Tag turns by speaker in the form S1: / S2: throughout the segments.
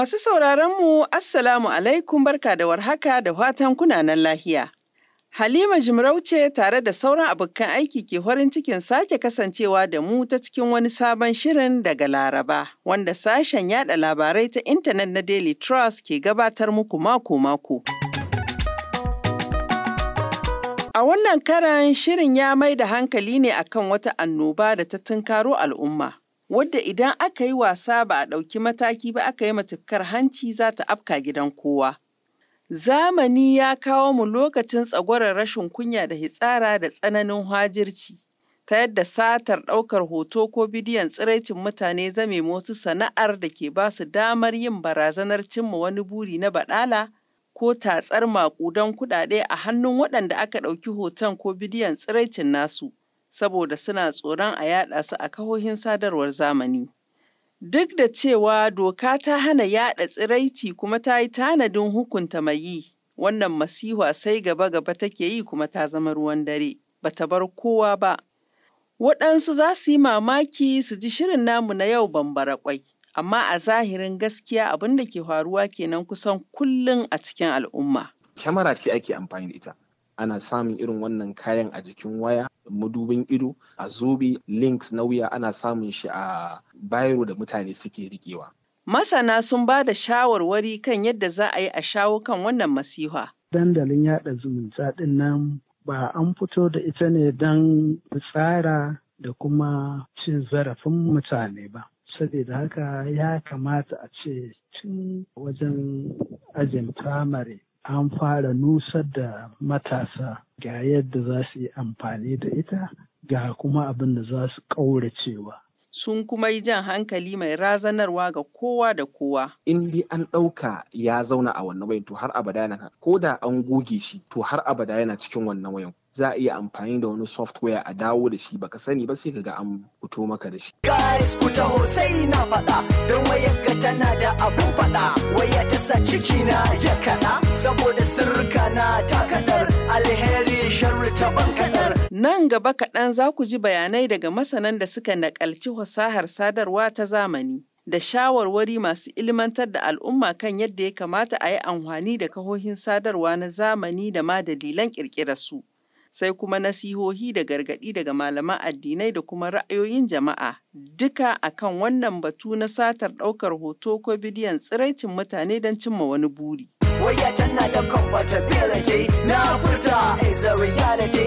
S1: Masu sauraronmu, Assalamu alaikum barka da warhaka da fatan kunanan lahiya. Halima Jimarauce tare da sauran abokan aiki ke farin cikin sake kasancewa da mu ta cikin wani sabon shirin daga Laraba, wanda sashen yada labarai ta intanet na Daily Trust ke gabatar muku mako-mako. A wannan karan shirin ya mai da hankali ne akan wata annoba da ta tunkaro al'umma. wadda idan aka yi wasa ba a ɗauki mataki ba aka yi matukar hanci za ta afka gidan kowa. Zamani ya kawo mu lokacin tsagwarar rashin kunya da hitsara da tsananin hajirci, ta yadda satar ɗaukar hoto ko bidiyon tsiraicin mutane zame wasu sana'ar da ke ba su damar yin barazanar cimma wani buri na baɗala ko tatsar maƙudan kuɗaɗe a hannun waɗanda aka ɗauki hoton ko bidiyon tsiraicin nasu. saboda suna tsoron a yada su a kahohin sadarwar zamani. Duk da cewa doka ta hana yada tsiraici kuma ta yi tanadin hukunta mai yi, wannan masiwa sai gaba-gaba take yi kuma ta zama ruwan dare, ba ta bar kowa ba. Waɗansu za su yi mamaki su ji shirin namu na yau bambara kwai, amma a zahirin gaskiya abin da ke faruwa kenan kusan
S2: kullum a cikin al'umma. Kyamara ce ake amfani da ita. ana samun irin wannan kayan a jikin waya madubin ido a zobe links na wuya ana samun shi a bayro da mutane suke rikewa
S1: masana sun ba da shawarwari kan yadda za a yi a shawo kan wannan masiha
S3: dandalin yada zumunta din nan ba an fito da ita ne don tsara da kuma cin zarafin mutane ba saboda haka ya kamata a ce cin wajen ajin firamare an fara nusar da matasa ga yadda za su yi amfani da ita ga kuma abin da za su ƙauracewa. sun
S1: kuma yi jan hankali mai razanarwa ga kowa da kowa.
S2: In dai an ɗauka ya zauna a wannan wayan to har abada yana ko da an goge shi to har abada yana cikin wannan wayan za a iya amfani da wani software a dawo da shi baka sani ba sai kaga an fito maka da shi. Guys
S1: ku taho sai na faɗa don ka tana da abun faɗa waya ta sa ciki
S4: na ya kaɗa saboda sirrika na ta kaɗar alheri sharri ta ban kaɗar.
S1: Nan gaba kaɗan za ku ji bayanai daga masanan da suka naƙalci fasahar sadarwa ta zamani. Da shawarwari masu ilmantar da al'umma kan yadda ya kamata a yi amfani da kahohin sadarwa na zamani da ma dalilan ƙirƙirarsu. su. sai kuma nasihohi da gargaɗi daga malaman addinai da kuma ra'ayoyin jama'a duka akan wannan batu na satar ɗaukar hoto ko bidiyon tsiraicin mutane don cimma wani buri.
S2: koya tana da compatibility na furta is a reality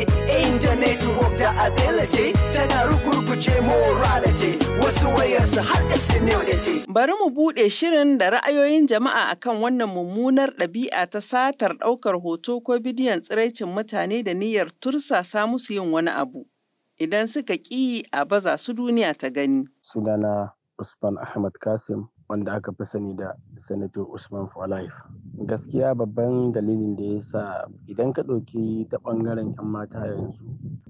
S2: internet network da ability tana rugurguce morality wasu
S1: wayarsu har da senility. Bari mu buɗe shirin da ra'ayoyin jama'a akan wannan mummunar ɗabi'a ta satar ɗaukar hoto ko bidiyon tsiraicin mutane da niyyar tursasa musu yin wani abu. Idan suka ƙi a baza su duniya ta gani.
S2: Sunana Usman Ahmad Kasim wanda aka fi sani da Senator Usman for Life. Gaskiya babban dalilin da ya sa idan ka ɗauki ta ɓangaren 'yan mata yanzu,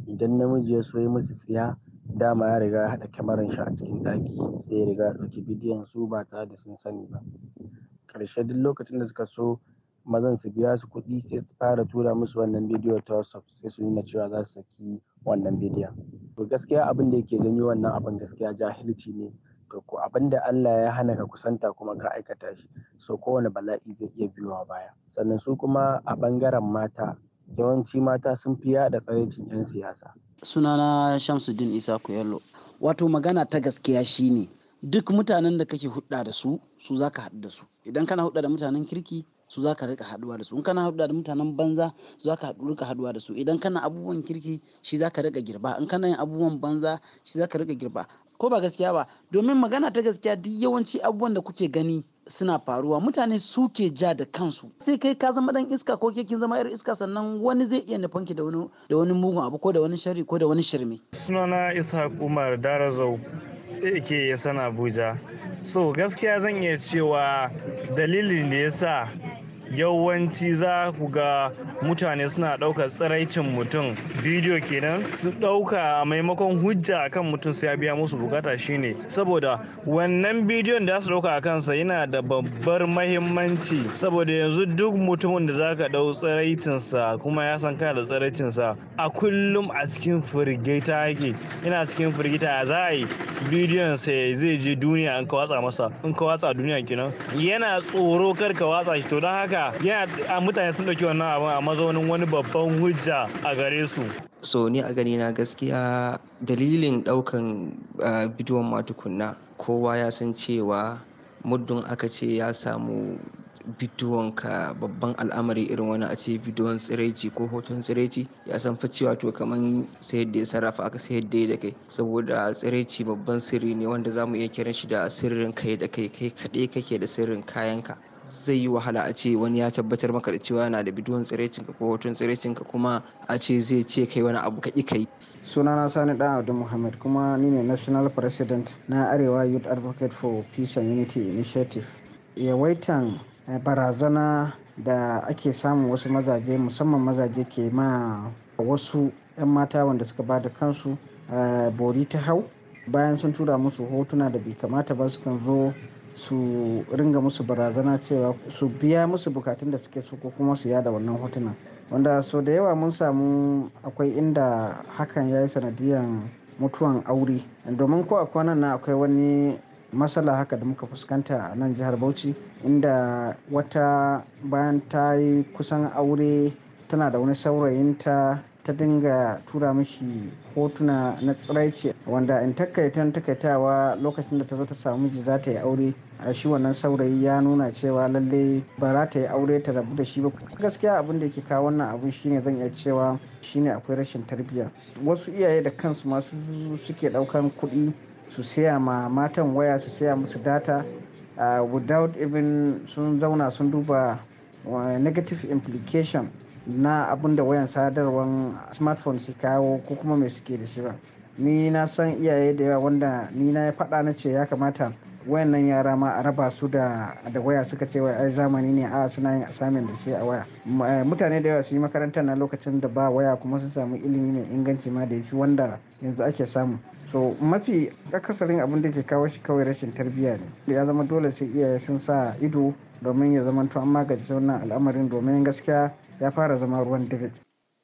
S2: idan namiji ya so ya musu tsiya dama ya riga ya haɗa kyamaran shi a cikin ɗaki sai ya riga ya ɗauki bidiyon su ba tare da sun sani ba. Ƙarshe duk lokacin da suka so mazan su biya su kuɗi sai su fara tura musu wannan bidiyo ta WhatsApp sai su nuna cewa za su saki wannan bidiyon. To gaskiya abin da yake janyo wannan abin gaskiya jahilci ne. ko abin da Allah ya hana ka kusanta kuma ka aikata shi so kowane bala'i zai iya biyowa baya sannan su kuma a bangaren mata yawanci mata sun fi yada tsaraicin 'yan siyasa
S1: sunana shamsuddin isa kuyello wato magana ta gaskiya
S5: shine duk mutanen da kake hudda da su su zaka haɗu da su idan kana hudda da mutanen kirki su za ka rika haduwa da su in kana haduwa da mutanen banza su za ka rika haduwa da su idan kana abubuwan kirki shi za ka rika girba in kana yin abubuwan banza shi za ka rika girba ko ba gaskiya ba
S1: domin magana ta gaskiya duk yawanci abubuwan da kuke gani suna faruwa mutane suke ja da kansu sai kai ka zama dan iska ko kin zama yar iska sannan wani zai iya nufan ki da
S5: wani mugun abu ko da wani shari ko da wani shirme sunana Ishaq Umar
S2: Darazau sai ke ya sana Abuja so gaskiya zan iya cewa dalilin da yasa yawanci za ku ga mutane suna ɗaukar tsiraicin mutum bidiyo kenan su ɗauka a maimakon hujja akan mutum su ya biya musu bukata shine saboda wannan bidiyon da su ɗauka a kansa yana da babbar mahimmanci saboda yanzu duk mutumin da zaka ɗau tsiraicinsa kuma ya san kana da tsiraicinsa a kullum a cikin firgita yake yana cikin firgita za a yi bidiyon sai zai je duniya in ka watsa masa in ka watsa duniya kenan yana tsoro kar ka watsa shi to don haka ya mutane sun ɗauki wannan abin a mazaunin wani babban hujja a gare su
S5: so ni a gani na gaskiya dalilin ɗaukan bidiyon tukunna kowa ya san cewa muddin aka ce ya samu bidiyon ka babban al'amari irin wani a ce bidiyon tsiraici ko hoton tsiraici ya san fa cewa to kaman sai yadda ya sarrafa aka sai yadda ya da kai saboda tsiraici babban sirri ne wanda zamu iya kiran shi da sirrin kai da kai kai kaɗai kake da sirrin kayanka zai yi wahala a ce wani ya tabbatar maka da cewa yana da bidiyon tsirecinka ko hoton tsirecinka kuma a ce zai ce kai wani abu ka kai.
S6: sunana sani dan abdul muhammad kuma ni ne national president na arewa youth advocate for peace and unity initiative yawaitan eh, barazana da ake samun wasu mazaje musamman mazaje ke ma wasu 'yan mata wanda suka ba da kansu eh, bori ta hau bayan sun tura musu hotuna da bai kamata ba su kan zo su ringa musu barazana cewa su biya musu bukatun da suke so ko kuma su yada wannan hotuna wanda so da yawa mun samu akwai inda hakan ya yi sanadiyan mutuwan aure domin ko a kwanan nan akwai wani matsala haka da muka fuskanta a nan jihar bauchi inda wata bayan ta yi kusan aure tana da wani saurayinta ta dinga tura mishi hotuna na tsiraice wanda in takaitan takaitawa lokacin da ta zo ta samu miji za ta yi aure a shi wannan saurayi ya nuna cewa lalle ba za ta yi aure ta rabu da shi ba gaskiya abin da yake kawo wannan abin shine zan iya cewa shine akwai rashin tarbiyya wasu iyaye da kansu masu suke daukan kuɗi su saya ma matan waya su saya musu data ah, without even sun zauna sun duba ah, negative implication na abin da wayan sadarwar smartphone su kawo ko kuma mai suke da shi ba ni na san iyaye da yawa wanda ni na faɗa na ce ya kamata wayan nan yara ma a raba su da da waya suka ce wai ai zamani ne a suna yin assignment da shi a waya eh, mutane da yawa su yi makaranta na lokacin da ba waya kuma sun samu ilimi mai inganci ma da yafi wanda yanzu ake samu so mafi akasarin abin da ke kawo shi kawai rashin tarbiyya ne ya zama dole sai iyaye sun sa ido domin ya zama an magance wannan al'amarin domin gaskiya ya fara zama ruwan dare.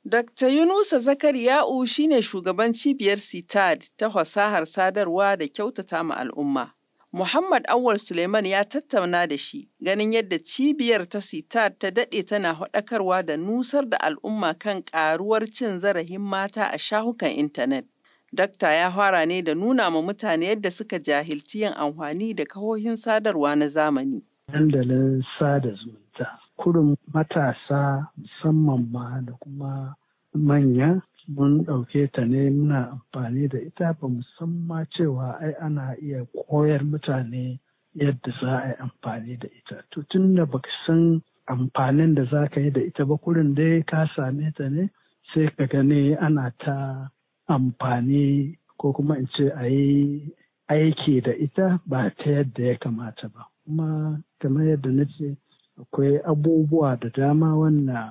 S1: Dr. Yunusa Zakariya'u shine shugaban cibiyar CITAD ta fasahar sadarwa da kyautata ma al'umma. Muhammad Awal Suleiman ya tattauna da shi ganin yadda cibiyar ta CITAD ta daɗe tana haɗakarwa da nusar da al'umma kan ƙaruwar cin zarafin mata a shahukan intanet. Dakta ya fara ne da nuna ma mutane yadda suka jahilci yin amfani da kahohin sadarwa na zamani.
S3: dandalin sada zumunta kurin matasa musamman ma da kuma manya mun ɗauke ta ne muna amfani da ita ba musamman cewa ai ana iya koyar mutane yadda za a yi amfani da ita to tun da baka san amfanin da za ka yi da ita ba kurin dai ka same ta ne sai ka gani ana ta amfani ko kuma in ce a yi aiki da ita ba ta yadda ya kamata ba kuma kamar yadda na ce akwai abubuwa da dama wannan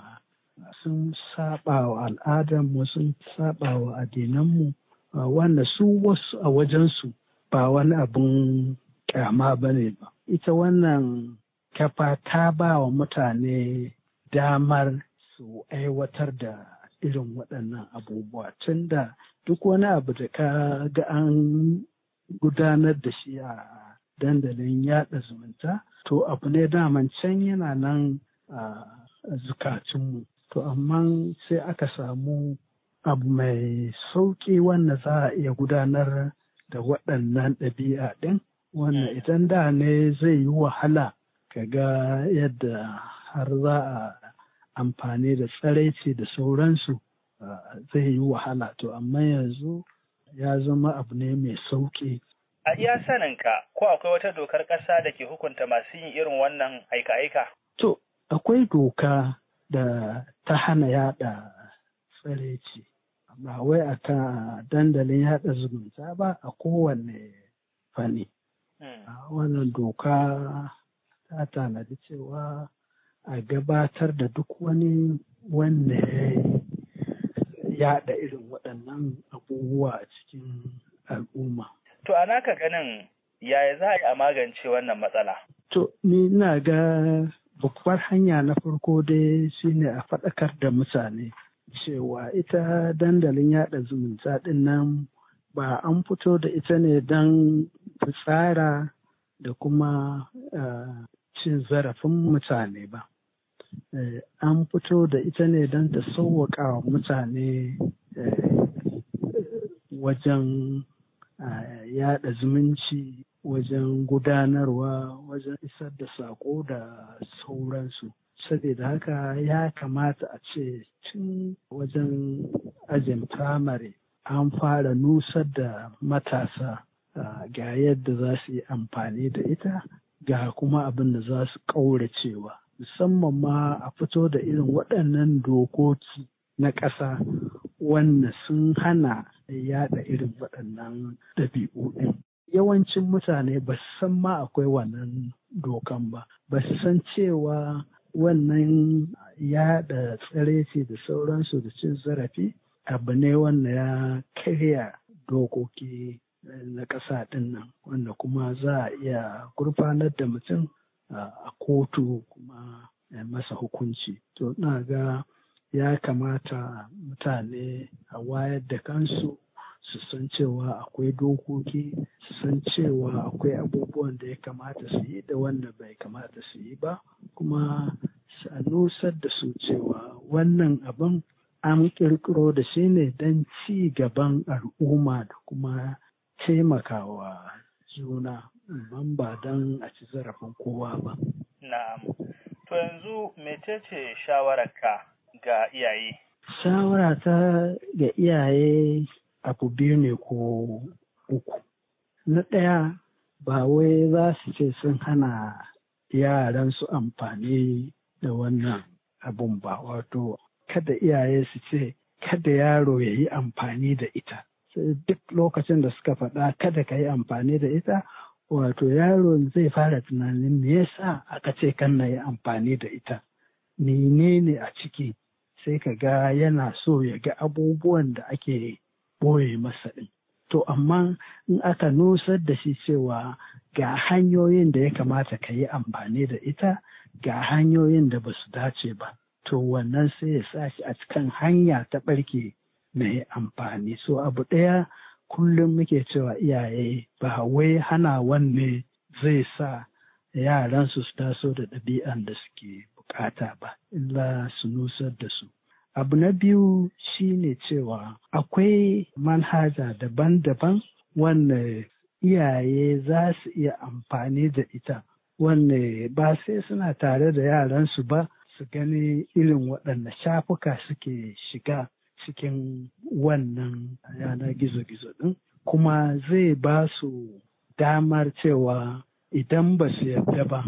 S3: sun saba wa al'adarmu sun saba wa addinanmu Wannan su wasu a wajensu ba wani abun kyama bane ba ita wannan kafa ta ba wa mutane damar su aiwatar da irin waɗannan abubuwa Tunda duk wani abu da ka ga an gudanar da shi a dandalin yaɗa zumunta to abu ne daman can yana nan a zukacinmu to amma sai aka samu abu mai sauƙi wanda za a iya gudanar da waɗannan ɗabi'a ɗin wanda mm. idan da ne zai yi wahala ka ga yadda har za a amfani da tsaraici da sauransu zai yi wahala to amma yanzu ya zama abu ne mai sauƙi
S2: A iya saninka ko akwai wata dokar ƙasa da ke hukunta masu yin irin wannan aika-aika?
S3: To, akwai doka da ta hana yada tsareci amma wai a ta dandalin yada zumunta ba a kowanne fanni. Hmm. Wannan doka ta tanadi cewa a gabatar da duk wani wanda ya yaɗa irin waɗannan abubuwa a cikin al'umma. To a ka ganin yaya za a yi a magance wannan matsala? To ni na ga bukwar hanya na farko dai shine a faɗakar da mutane cewa ita dandalin yaɗa zumunta ɗin nan ba an fito da ita ne don fitsara da kuma cin zarafin mutane ba. Eh, an fito da ita ne don ta sauwaƙa mutane eh, wajen yada zumunci wajen gudanarwa wajen isar da sako da sauransu saboda haka ya kamata a ce tun wajen ajin firamare an fara nusar da matasa ga yadda za su yi amfani da ita ga kuma abin da za su ƙauracewa musamman ma a fito da irin waɗannan dokoki na ƙasa wannan sun hana yaɗa irin waɗannan ɗabi'u ɗin. Yawancin mutane ba su san ma akwai wannan dokan ba, ba su san cewa wannan yaɗa tsareci da sauransu da cin zarafi abu ne wanda ya karya dokoki na ƙasa ɗin nan wanda kuma za a iya gurfanar da mutum a kotu kuma masa hukunci. To, na ga ya kamata mutane a wayar da kansu su san cewa akwai dokoki su san cewa akwai abubuwan da ya kamata su yi da wanda bai kamata su yi ba kuma su nusar da su cewa wannan abin an kirkiro da shi ne don ci gaban al'umma da kuma taimakawa juna ban ba don a ci zarafin kowa ba. Na'am,
S2: to yanzu mecece shawararka ga iyaye?
S3: Shawara ta ga iyaye abu biyu ne ko uku. Na ɗaya ba wai za su ce sun hana yaran su amfani da wannan abun ba wato kada iyaye su ce kada yaro ya yi amfani da ita. duk lokacin da suka faɗa kada ka yi amfani da ita wato yaro zai fara tunanin me yasa aka ce kan na yi amfani da ita menene a ciki sai ka ga yana so ya ga abubuwan da ake ɓoye masa ɗin. To amma in aka nusar da shi cewa ga hanyoyin da ya kamata ka yi amfani da ita ga hanyoyin da ba su dace ba. To wannan sai ya sa shi a cikin hanya ta ɓarke mai amfani. So abu ɗaya kullum muke cewa iyaye ba wai hana wanne zai sa yaransu su taso da ɗabi'an da suke bukata ba illa su nusar da su abu na biyu shine cewa akwai manhaja daban-daban wanda iyaye za su iya amfani da ita wanne ba sai suna tare da yaransu ba su gani irin waɗanda shafuka suke shiga cikin wannan yanar gizo-gizo ɗin kuma zai ba su damar cewa idan ba su yarda ba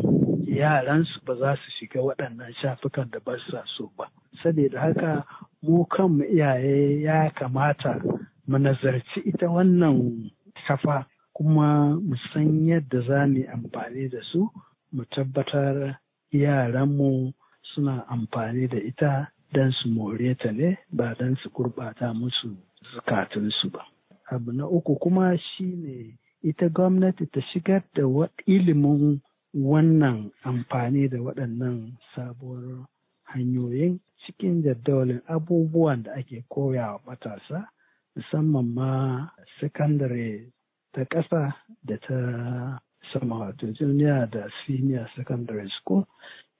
S3: Yaran su ba za su shiga waɗannan shafukan da ba sa so ba. Saboda haka mu kanmu iyaye ya kamata mu nazarci ita wannan kafa kuma mu san yadda za mu amfani da su mu tabbatar yaranmu suna amfani da ita don su more ta ne ba don su gurɓata musu zukatunsu ba. Abu na uku kuma shi ne ita gwamnati ta shigar da ilimin wannan amfani da waɗannan sabuwar hanyoyin cikin jadawalin abubuwan da ake koya wa matasa musamman ma sakandare ta ƙasa da ta sama wato junior da senior secondary school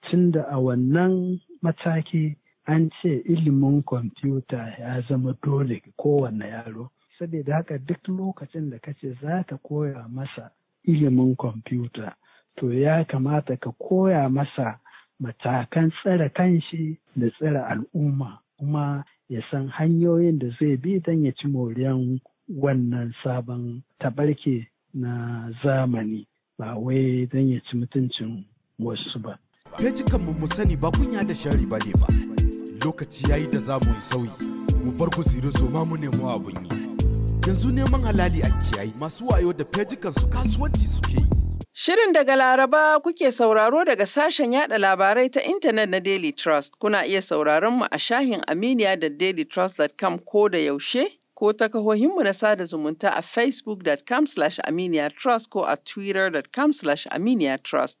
S3: tun da a wannan mataki an ce ilimin kwamfuta ya zama dole kowanne yaro saboda haka duk lokacin da kace za ka koya masa ilimin kwamfuta to ya kamata ka koya masa matakan tsare kanshi da tsare al'umma kuma ya san hanyoyin da zai bi don ya ci moriyan wannan sabon tabarke na zamani ba wai don ya ci mutuncin wasu ba.
S2: Feji mu mu sani ba kunya da shari ba ne ba. Lokaci yayi da za mu yi sauyi, mu bar ku ziri ma mu nemo abun yi. Yanzu neman halali a kiyayi masu wayo da fejikan su kasuwanci suke yi.
S1: Shirin daga Laraba kuke sauraro daga sashen yada labarai ta intanet na Daily Trust. Kuna iya sauraron mu a shahin Aminiya da dailytrust.com ko da yaushe ko ta kahohinmu na sada zumunta a facebookcom aminiyatrust ko a twittercom aminiyatrust.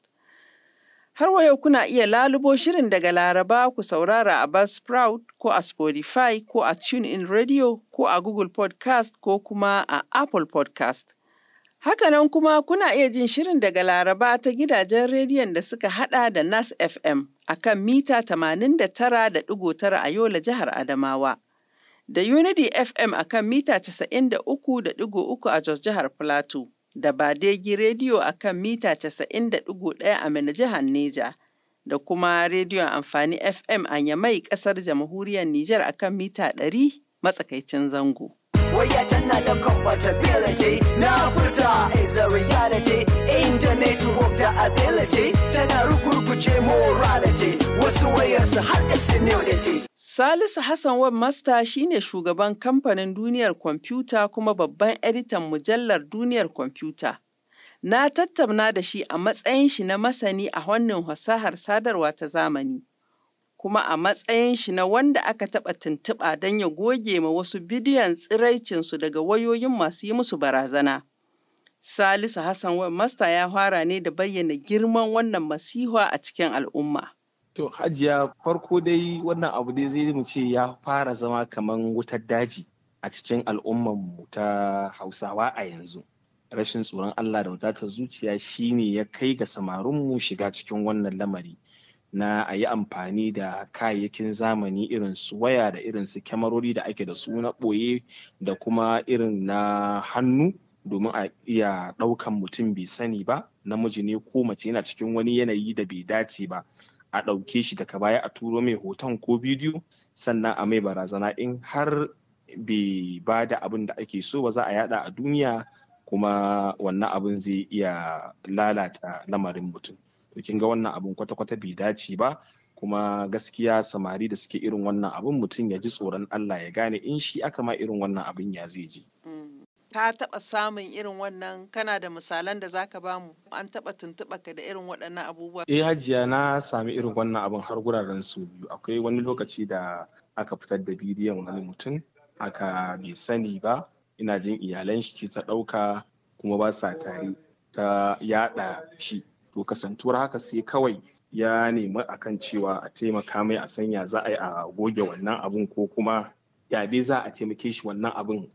S1: Har wa yau kuna iya lalubo shirin daga Laraba ku saurara a Buzzsprout ko a Spotify ko a TuneIn Radio ko a Google Podcast ko kuma a Apple Podcast. Hakanan kuma kuna iya jin shirin daga Laraba ta gidajen rediyon da suka hada da Nas FM a kan mita 89.9 a Yola jihar Adamawa, da Unity FM a kan mita 93.3 a Jos jihar Plateau, da Badegi Radio a kan mita 90.1 a Mina jihar Neja, da kuma rediyon amfani FM a Yamai kasar jamhuriyar Nijar a kan mita 100 matsakaicin zango. ya tana da ability tana rugurguce morality wasu wayarsu har da Salisu Hassan Web Master shine shugaban kamfanin duniyar kwamfuta kuma babban editan mujallar duniyar kwamfuta. Na tattauna da shi a matsayin shi na masani a wannan fasahar sadarwa ta zamani. kuma a matsayin shi na wanda aka taɓa tuntuɓa don ya goge ma wasu bidiyon tsiraicinsu daga wayoyin masu yi musu barazana. Salisu Hassan masta ya fara ne da bayyana girman wannan masiha a cikin al'umma.
S2: To hajiya farko dai wannan abu dai zai mu ce ya fara zama kamar wutar daji a cikin mu ta Hausawa a yanzu. Rashin tsoron Allah da wadatar zuciya shi ne ya kai ga samarinmu shiga cikin wannan lamari na a yi amfani da kayayyakin zamani irin su waya da irin su kyamarori da ake da su na ɓoye da kuma irin na hannu domin a iya ɗaukan mutum bai sani ba namiji ne ko mace yana cikin wani yanayi da bai dace ba a ɗauke shi daga baya a turo mai hoton ko bidiyo sannan a mai barazana in har bai ba da abin da ake so ba za a yada a duniya kuma wannan abin zai iya lalata lamarin mutum to kin ga wannan abin kwata-kwata bai dace ba kuma gaskiya samari da suke irin wannan abin mutum ya ji tsoron Allah ya gane in shi aka ma irin wannan abin ya zai ji. Mm.
S1: ka taɓa samun irin wannan kana da misalan da zaka bamu an taɓa tuntuɓa ka da irin waɗannan abubuwa
S2: eh hajiya na sami irin wannan abin har guraren su biyu akwai wani lokaci da aka fitar da bidiyon wani mutum aka bai sani ba ina jin iyalan shi ke ta ɗauka kuma ba sa tare ta yaɗa shi to kasantuwar haka sai kawai ya nemi akan cewa a taimaka mai a sanya za a yi a goge wannan abun ko kuma yabe za a taimake shi wannan abin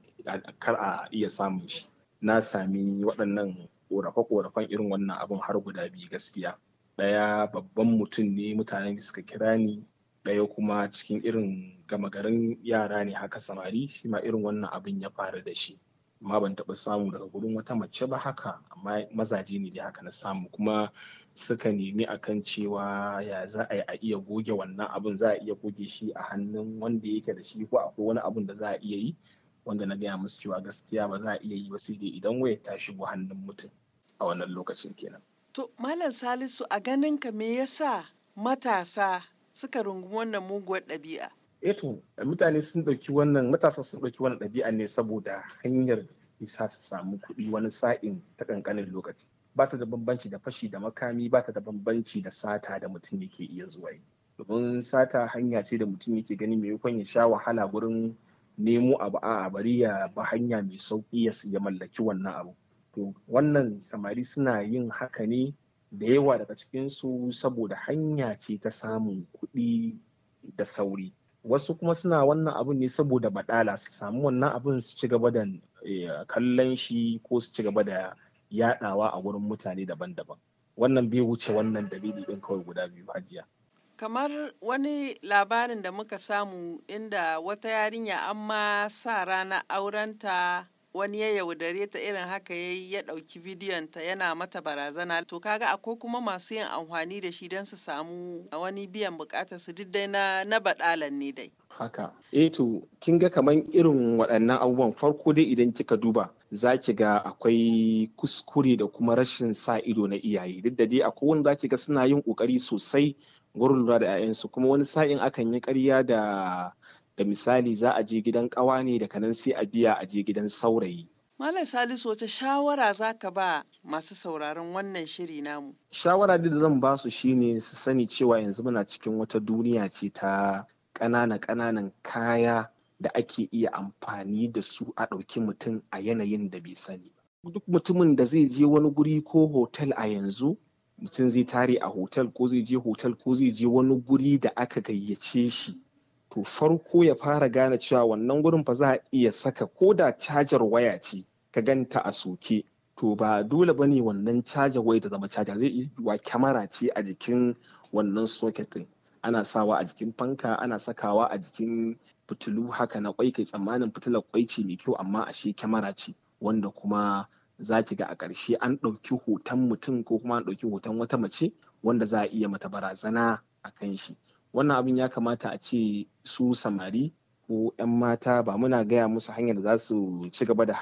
S2: kar a iya samun shi na sami waɗannan ƙorafe-ƙorafen irin wannan abin har guda biyu gaskiya ɗaya babban mutum ne mutane suka kira ni ɗaya kuma cikin irin gama garin yara ne haka samari shi ma irin wannan abin ya faru da shi amma ban taɓa samu daga gurin wata mace ba haka amma mazaje ne dai haka na samu kuma suka nemi akan cewa ya za a yi a iya goge wannan abin za a iya goge shi a hannun wanda yake da shi ko akwai wani abin da za a iya yi wanda na gaya musu cewa gaskiya ba za a iya yi ba sai dai idan waya ta shigo hannun mutum a wannan lokacin kenan.
S1: To Malam Salisu a ganin ka me yasa matasa suka rungumi wannan muguwar ɗabi'a?
S2: Eto eh mutane sun ɗauki wannan matasa sun ɗauki wannan ɗabi'a ne saboda hanyar isa su samu kuɗi wani sa'in ta ƙanƙanin lokaci. Ba ta da bambanci da fashi da makami ba ta da bambanci da sata da mutum yake iya zuwa yi. Domin sata hanya ce da mutum yake gani maimakon ya sha wahala gurin nemo abu a bari ya ba hanya mai sauƙi ya mallaki wannan abu to wannan samari suna yin haka ne da yawa daga cikinsu saboda hanya ce ta samun kuɗi da sauri wasu kuma suna wannan abun ne saboda baɗala su samu wannan abun su ci gaba da eh, kallon shi ko su ci gaba da yaɗawa a wurin mutane daban-daban wannan bai wuce wannan dalili ɗin kawai guda biyu hajiya
S1: kamar wani labarin da muka samu inda wata yarinya an ma sa ranar aurenta wani ya yaudare ta irin haka ya yi ya ɗauki bidiyonta yana mata barazana to kaga akwai kuma masu yin amfani da shi don su samu wani biyan bukatar su duk dai na, baɗalan ne dai
S2: haka e to kin ga kamar irin waɗannan abubuwan farko dai idan kika duba za ki ga akwai kuskure da kuma rashin sa ido na iyaye duk da dai akwai wanda za ki ga suna yin ƙoƙari sosai gurin lura da 'ya'yansu kuma wani sa'in akan yi ƙarya da da misali za a je gidan ƙawa ne da kanan sai a biya a je gidan saurayi.
S1: Malam Salisu wata shawara za ka ba masu sauraron wannan shiri namu?
S2: Shawara da zan ba su shine su sani cewa yanzu muna cikin wata duniya ce ta ƙanana ƙananan kaya da ake iya amfani da su a ɗauki mutum a yanayin da bai sani. Duk mutumin da zai je wani guri ko hotel a yanzu mutum zai tare a hotel ko zai je hotel ko zai je wani guri da aka gayyace shi to farko ya fara gane cewa wannan gurin fa za a iya saka ko da cajar waya ce ka ganta a soke to ba dole ba ne wannan caja waya da zama caja zai iya wa kyamara ce a jikin wannan soket din ana sawa a jikin fanka ana sakawa a jikin fitilu haka na kwai kai tsammanin fitilar kwai ce mai kyau amma ashe kyamara ce wanda kuma za ki ga a ƙarshe an ɗauki hoton mutum ko kuma an ɗauki hoton wata mace wanda za a iya mata barazana a kan shi wannan abin ya kamata a ce su samari ko 'yan mata ba muna gaya musu hanyar da za su ci gaba da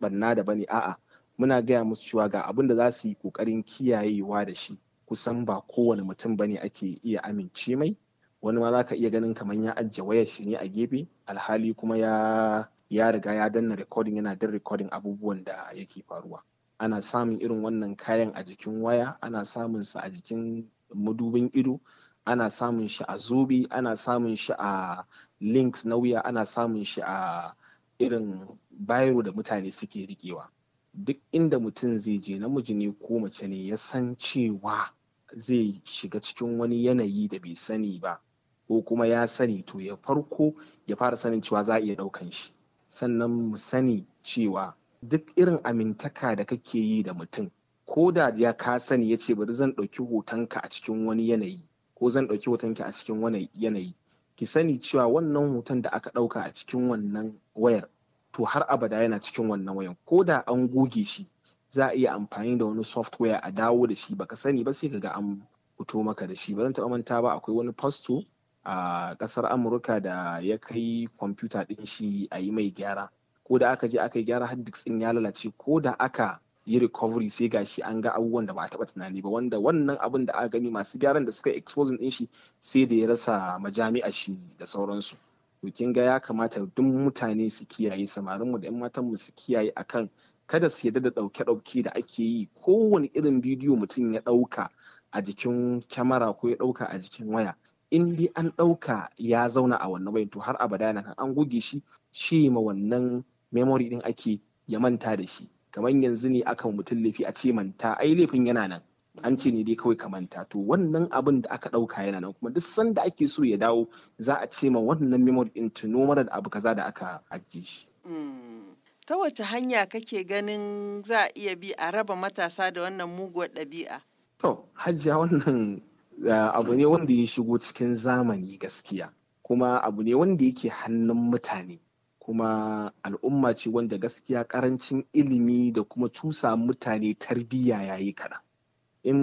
S2: barna da bane a'a muna gaya musu cewa ga abin da za su yi ƙoƙarin kiyayewa da shi kusan ba kowane mutum bane ake iya amince mai wani ma za ka iya ganin kamar ya ajiye wayar shi ne a gefe alhali kuma ya ya riga ya danna recording yana dan recording abubuwan da yake faruwa ana samun irin wannan kayan a jikin waya ana samun sa a jikin madubin ido ana samun shi a zobe ana samun shi a links na wuya ana samun shi a irin bayro da mutane suke rikewa duk inda mutum zai je namiji ne ko mace ne ya san cewa zai shiga cikin wani yanayi da bai sani ba ko kuma ya sani to ya farko ya fara sanin cewa za a iya ɗaukan shi sannan mu sani cewa duk irin amintaka da kake yi da mutum ko da ya ka sani ya ce bari zan ɗauki hotonka a cikin wani yanayi ko zan ɗauki hotonki a cikin wani yanayi ki sani cewa wannan hoton da aka ɗauka a cikin wannan wayar to har abada yana cikin wannan wayan ko da an goge shi za a iya amfani da wani software a dawo da shi baka sani ba sai ka ga an fito maka da shi ba zan taɓa manta ba akwai wani fasto a ƙasar amurka da ya kai kwamfuta ɗin shi a yi mai gyara ko da aka je aka yi gyara har ɗin ya lalace ko da aka yi recovery sai gashi an ga abubuwan da ba a taɓa tunani ba wanda wannan abin da aka gani masu gyaran da suka exposing ɗin shi sai da ya rasa majami'a shi da sauransu to kin ga ya kamata duk mutane su kiyaye mu da 'yan mu su kiyaye akan kada su yadda da ɗauke-ɗauke da ake yi kowane irin bidiyo mutum ya ɗauka a jikin kyamara ko ya ɗauka a jikin waya in dai an ɗauka ya zauna a wannan wayan to har abada yana an goge shi shi ma wannan memory din ake ya manta da shi kamar yanzu ne aka mutum laifi a ce manta ai laifin yana nan an ce ne dai kawai ka manta to wannan abin da aka ɗauka yana nan kuma duk sanda ake so ya dawo za a ce ma wannan memory din tuno mara da abu kaza da aka ajiye shi
S1: hmm. ta wace hanya kake ganin za a iya bi a raba matasa da wannan muguwar ɗabi'a
S2: to hajiya wannan Eh, abu ne wanda ya shigo cikin zamani gaskiya kuma abu ne wanda yake hannun mutane kuma al'umma ce wanda gaskiya karancin ilimi da kuma cusa mutane tarbiyya yayi kaɗan in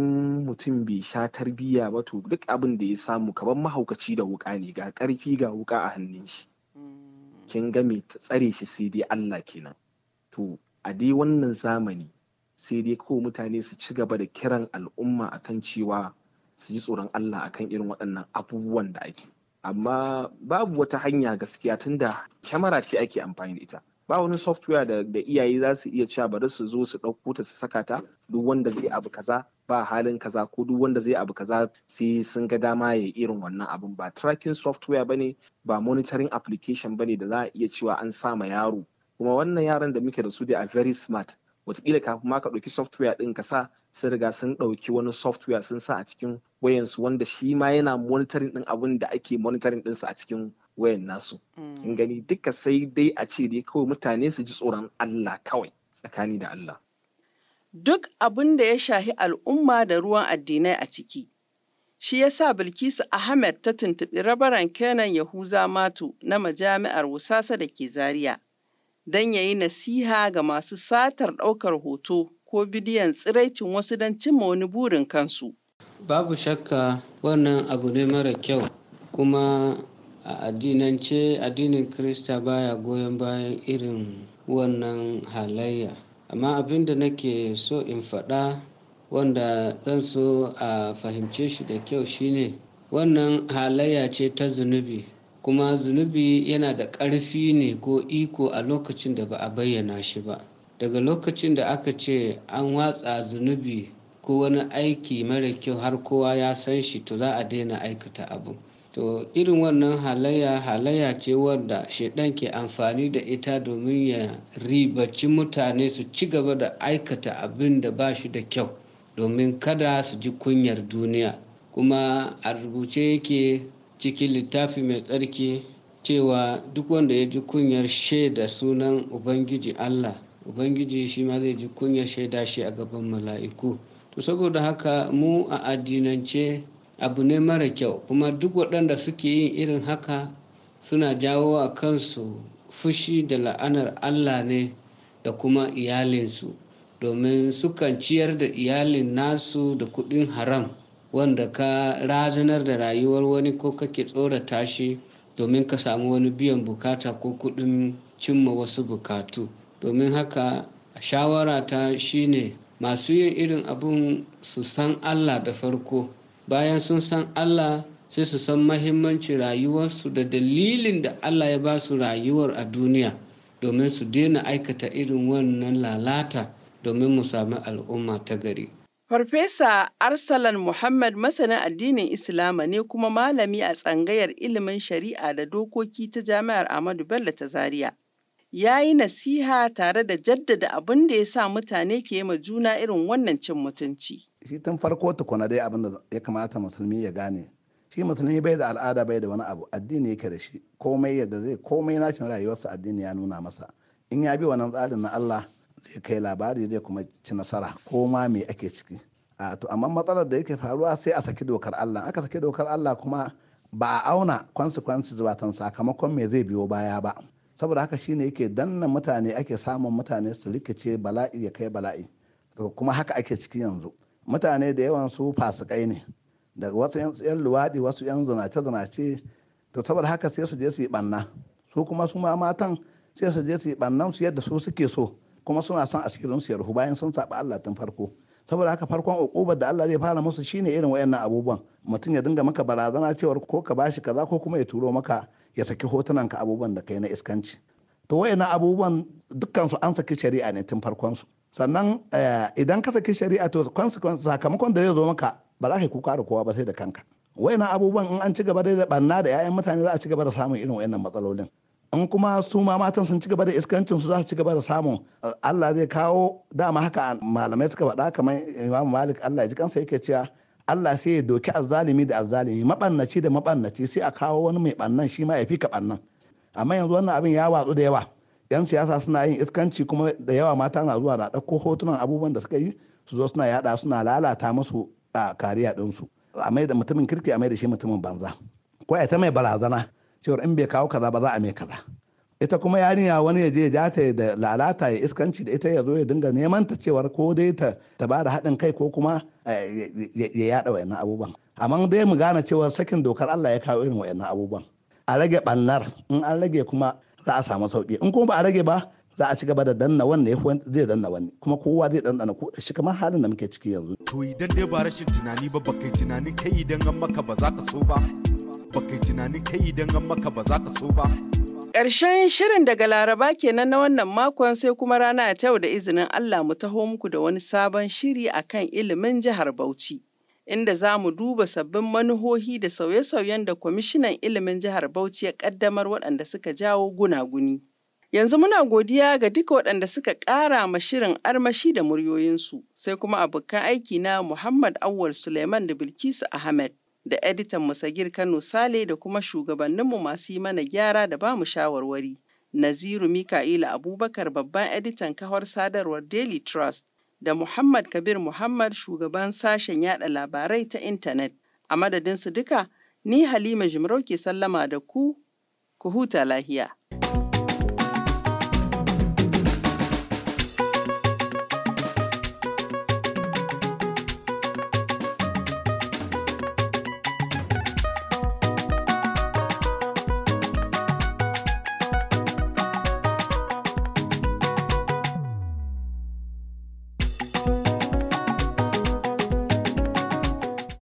S2: mutum bai sha tarbiyya ba to duk abin da ya samu kaban mahaukaci da wuka ne ga karfi ga wuka a hannun shi mm. kin ga mai tsare shi sai dai Allah kenan to a dai wannan zamani sai dai ko mutane su ci gaba da kiran al'umma akan cewa su yi tsoron Allah akan irin waɗannan abubuwan da ake amma babu wata hanya gaskiya tunda kyamara ce ake amfani da ita ba wani software da, iyaye za su iya cewa bari su zo su ɗauko ta su saka ta duk wanda zai abu kaza ba halin kaza ko duk wanda zai abu kaza sai sun ga dama ya irin wannan abun ba tracking software bane ba monitoring application bane da za a iya cewa an sama yaro kuma wannan yaran da muke da su dai a very smart wataƙila kafin ma ka ɗauki software ɗin ka sa sun riga sun ɗauki wani software sun sa a cikin wayansu wanda shi ma yana monitoring ɗin abin da ake monitoring ɗinsu a cikin wayan nasu. In mm. gani duka sai dai a ce dai kawai mutane su ji tsoron Allah kawai tsakani da Allah.
S1: Duk abin da ya shahi al'umma da ruwan addinai a ciki. Shi ya sa Bilkisu Ahmed ta tuntuɓi rabaran Kenan Yahuza Matu na majami'ar Wusasa da ke Zaria. don ya yi nasiha ga masu satar ɗaukar hoto ko bidiyon tsiraicin wasu
S5: don cimma wani burin kansu. Babu shakka wannan abu ne mara kyau kuma a addinance addinin Krista baya goyon bayan irin wannan halayya. Amma abin da nake so in faɗa wanda zan so a fahimce shi da kyau shine wannan halayya ce ta zunubi kuma zunubi yana da ƙarfi ne ko iko a lokacin da ba a bayyana shi ba daga lokacin da aka ce an watsa zunubi ko wani aiki mara kyau har kowa ya san shi to za a daina aikata abu to irin wannan halayya halayya ce wanda shaidan ke amfani da ita domin ya ribaci mutane su ci gaba da aikata abin da ba shi da kyau domin kada su ji kunyar duniya kuma a rubuce yake cikin littafi mai tsarki cewa duk wanda ya ji kunyar shaida sunan ubangiji allah ubangiji shi ma zai ji kunyar shaida shi a gaban mala'iku to saboda haka mu a addinance abu ne mara kyau kuma duk waɗanda suke yin irin haka suna jawo a kansu fushi da la'anar allah ne da kuma iyalinsu domin sukan ciyar da iyalin nasu da kuɗin haram wanda ka razanar da rayuwar wani ko kake tsorata shi domin ka samu wani biyan bukata ko kudin cimma wasu bukatu domin haka shawara ta shine masu yin irin abun su san allah da farko bayan sun san allah sai su san mahimmanci rayuwarsu da dalilin da allah ya ba su rayuwar a duniya domin su daina aikata irin wannan lalata domin mu sami al'umma ta gari
S1: Farfesa Arsalan Muhammad masanin addinin Islama ne kuma malami a tsangayar ilimin shari'a da dokoki ta Jami'ar Ahmadu Bello ta Zaria. Ya yi nasiha tare da jaddada abin da ya sa mutane ke ma juna irin wannan cin mutunci.
S4: Shi tun farko tukuna dai abin da ya kamata musulmi ya gane. Shi musulmi bai da al'ada bai da wani abu addini yake da shi komai yadda zai komai nashin rayuwarsa addini ya nuna masa. In ya bi wannan tsarin na Allah kai labari zai kuma ci nasara ko ma me ake ciki a to amma matsalar da yake faruwa sai a saki dokar Allah aka saki dokar Allah kuma ba a auna consequences tan sakamakon me zai biyo baya ba saboda haka shine yake danna mutane ake samun mutane su rikice bala'i ya kai bala'i to kuma haka ake ciki yanzu mutane da yawan su fasikai ne daga wasu yan luwadi wasu yan zinace zinace to saboda haka sai su je su yi banna su kuma su ma matan sai su je su yi bannan su yadda su suke so kuma suna son asirin su yarhu bayan sun saba Allah tun farko saboda haka farkon ukubar da Allah zai fara musu shine irin wayannan abubuwan mutum ya dinga maka barazana cewar ko ka bashi kaza ko kuma ya turo maka ya saki hotunan ka abubuwan da kai na iskanci to wayannan abubuwan dukkan su an saki shari'a ne tun farkon su sannan eh, idan ka saki shari'a to consequence sakamakon da zai zo maka ba za ka kuka da kowa ba sai da kanka wayannan abubuwan in an ci gaba da banna da 'ya'yan mutane za a ci gaba da samun irin wayannan matsalolin in kuma su ma matan sun ci gaba da iskancin su za su ci gaba da samu eh, Allah zai kawo dama haka malamai suka faɗa kamar Imam Malik Allah ya ji kansa yake cewa Allah sai ya doki azzalimi da azzalimi mabannaci da mabannaci sai a kawo wani mai bannan shi ma ya ka bannan amma yanzu wannan abin ya watsu da yawa yan siyasa suna yin iskanci kuma da yawa mata na zuwa na ɗauko hotunan abubuwan da suka yi su zo suna yada suna lalata musu a ah, kariya ɗinsu a mai da mutumin kirki a mai da shi mutumin banza ko ta mai barazana cewar in bai kawo kaza ba za a mai kaza ita kuma yarinya wani ya je ya ta da lalata ya iskanci da ita ya zo ya dinga neman ta cewar ko dai ta ta da haɗin kai ko kuma eh, ya yada wayannan abubuwan amma dai mu gane cewar sakin dokar Allah ya kawo irin wayannan abubuwan a rage bannar in an rage kuma za a samu sauki in kuma ba a rage ba za a ci gaba da danna wanda ya zai danna wani kuma kowa zai dandana ko shi kamar halin da muke ciki yanzu
S2: to idan dai ba rashin tunani ba bakai tunanin kai idan an maka ba za ka so ba baka tunanin kai idan an maka ba za ka so ba.
S1: Ƙarshen shirin daga Laraba kenan na wannan makon sai kuma rana ta yau da izinin Allah mu taho muku da wani sabon shiri akan ilimin jihar Bauchi. Inda za mu duba sabbin manuhohi da sauye-sauyen da kwamishinan ilimin jihar Bauchi ya ƙaddamar waɗanda suka jawo gunaguni. Yanzu muna godiya ga duka waɗanda suka ƙara ma shirin armashi da muryoyinsu, sai kuma abokan aiki na Muhammad Awwal Suleiman da Bilkisu Ahmed. da editan Musagir Kano Sale da kuma shugabanninmu masu yi mana gyara da ba mu shawarwari. Naziru Mika'ila Abubakar babban editan kawar sadarwar Daily Trust da Muhammad Kabir Muhammad shugaban sashen yada labarai ta intanet. A madadinsu duka, ni Halima Jimarau ke sallama da ku, ku huta lahiya.